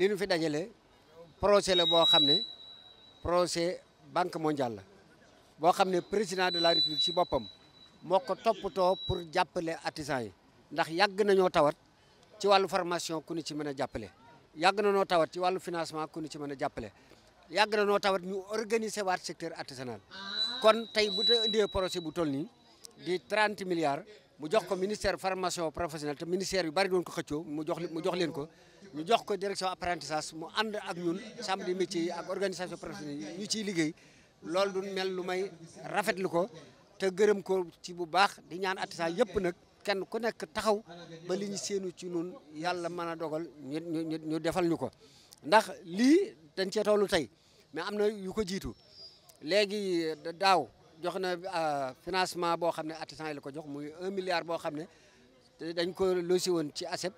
li ñu fi dajale projet la boo xam ne projet banque mondiale la boo xam ne président de la république ci boppam moo ko toppatoo pour jàppale artisans yi ndax yàgg nañoo tawat ci wàllu formation ku ñu ci mën a jàppale yàgg na noo tawat ci wàllu financement ku ñu ci mën a jàppale yàgg na noo tawat ñu organiser waat secteur artisanal kon tey bu dee indee projet bu toll nii di trente milliards mu jox ko ministère formation professionnelle te ministère yu bari doon ko xëccoo mu jox mu jox leen ko ñu jox ko direction apprentissage mu ànd ak ñun chambre des métiers yi ak organisation professionnelle ñu ci liggéey loolu du mel lu may rafetlu ko te gërëm ko ci bu baax di ñaan artisan yëpp nag kenn ku nekk taxaw ba li ñu séenu ci nun yàlla mën a dogal ñu ñu ñu defal ñu ko ndax lii dañ cee tollu tey mais am na yu ko jiitu léegi daaw jox na euh, financement boo xam ne artisan yi la ko jox muy un milliard boo xam ne dañ ko losi woon ci ASEP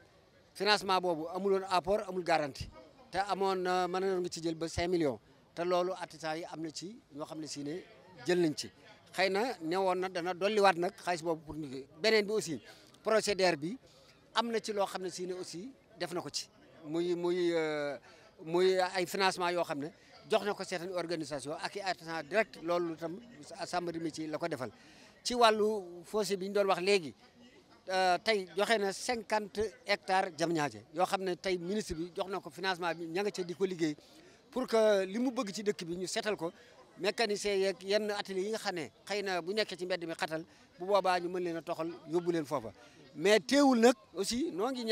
financement boobu amul woon apport amul garantie te amoon na mën na nga ci jël ba 5 millions te loolu artisan yi am na ci ñoo xam ne si ne jël nañ ci xëy na newoon na dana dolliwaat nag xaalis boobu pour ñu beneen bi aussi procédure bi am na ci loo xam ne si ne aussi def na ko ci muy muy. Euh, muy ay financement yoo xam ne jox na ko certaine organisation ak i artisan direct loolu tam chambre de métier la ko defal ci wàllu fossé bi ñu doon wax léegi euh, tey joxe na cinquante hectares Diamniadio yoo xam ne tey ministre bi jox na ko financement bi ña nga ca di ko liggéey pour que li mu bëgg ci dëkk bi ñu seetal ko mécanicien yeeg yenn atelier yi nga xam ne xëy na bu nekkee ci mbedd mi xatal bu boobaa ñu mën leen a toxal yóbbu leen foofa mais teewul nag aussi noo ngi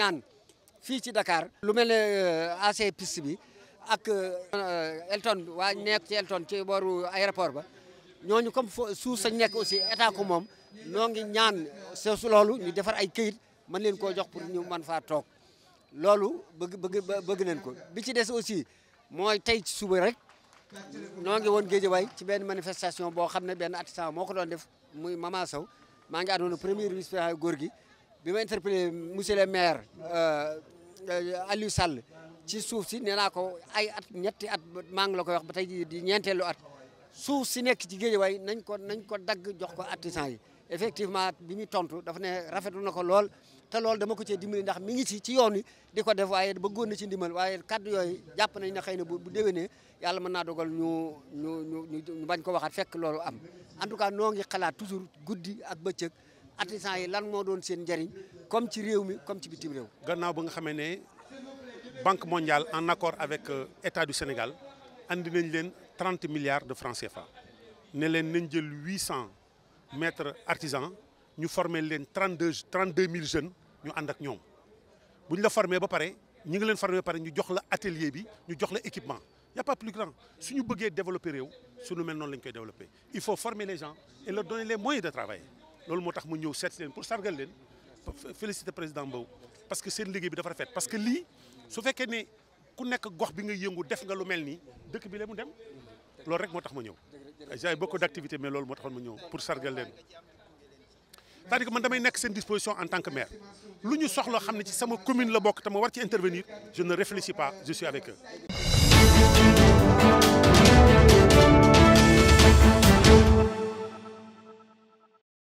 fii ci Dakar. lu mel ne euh, AC piste bi ak euh, Elton waa nekk ci Elton ci booru aéroport ba ñooñu comme suuf sañ nekk aussi état ko moom noo ngi ñaan su loolu ñu defar ay këyit mën leen koo jox pour ñu man faa toog loolu bëgg bëgg bëgg nañ ko bi ci des aussi mooy tey ci suba rek noo ngi woon Géejawaay ci benn manifestation boo xam ne benn artisan moo ko doon def muy Mama Sow maa ngi àndoon premier vice-président góor gi bi ma interpellé monsieur le maire euh, Euh, ali Sall ci suuf si nee naa ko ay at ñetti at maa ngi la koy wax ba tey jii di ñeenteelu at suuf si nekk ci Guédiawaye nañ ko nañ ko dagg jox ko artisan yi effectivement bi muy tontu dafa ne rafetlu na ko lool te loolu dama ko cee dimbali ndax mi ngi ci ci yoon wi di ko def waaye goon na si dimal waaye kaddu yooyu jàpp nañ ne na bu bu déwénee yàlla mën naa dogal ñu ñu ñu ñu bañ ko waxaat fekk loolu am en tout cas noo xalaat toujours guddi ak bëccëg. artisans yi lan mo doon seen comme ci réew comme ci bitim réew. gannaaw banque mondiale en accord avec euh, état du Sénégal andi nañ 30 30 milliards de francs CFA Nous avons nañ jël 800 artisans ñu former leen 32 000 jeunes ñu ànd ak ñoom bu la former ba pare ñi ngi leen former ba pare ñu jox la atelier bi ñu jox la équipement. a pas plus grand Si nous bëggee développer nous suñu mel développer il faut former les gens et leur donner les moyens de travailler loolu motax tax mu ñëw pour sargal leen féliciter président Mbow parce que seen ligue bi dafa rafet parce que li su fekké ni ku nekk gox bi nga yëngu def nga lu melni nii dëkk bi la mu dem loolu rek motax ma j'ai beaucoup d'activités mais loolu motax taxoon ma pour sargal leen tandis que man damay nekk seen disposition en tant que maire luñu soxlo soxla ci sama commune la bok te war ci intervenir je ne réfléchis pas je suis avec eux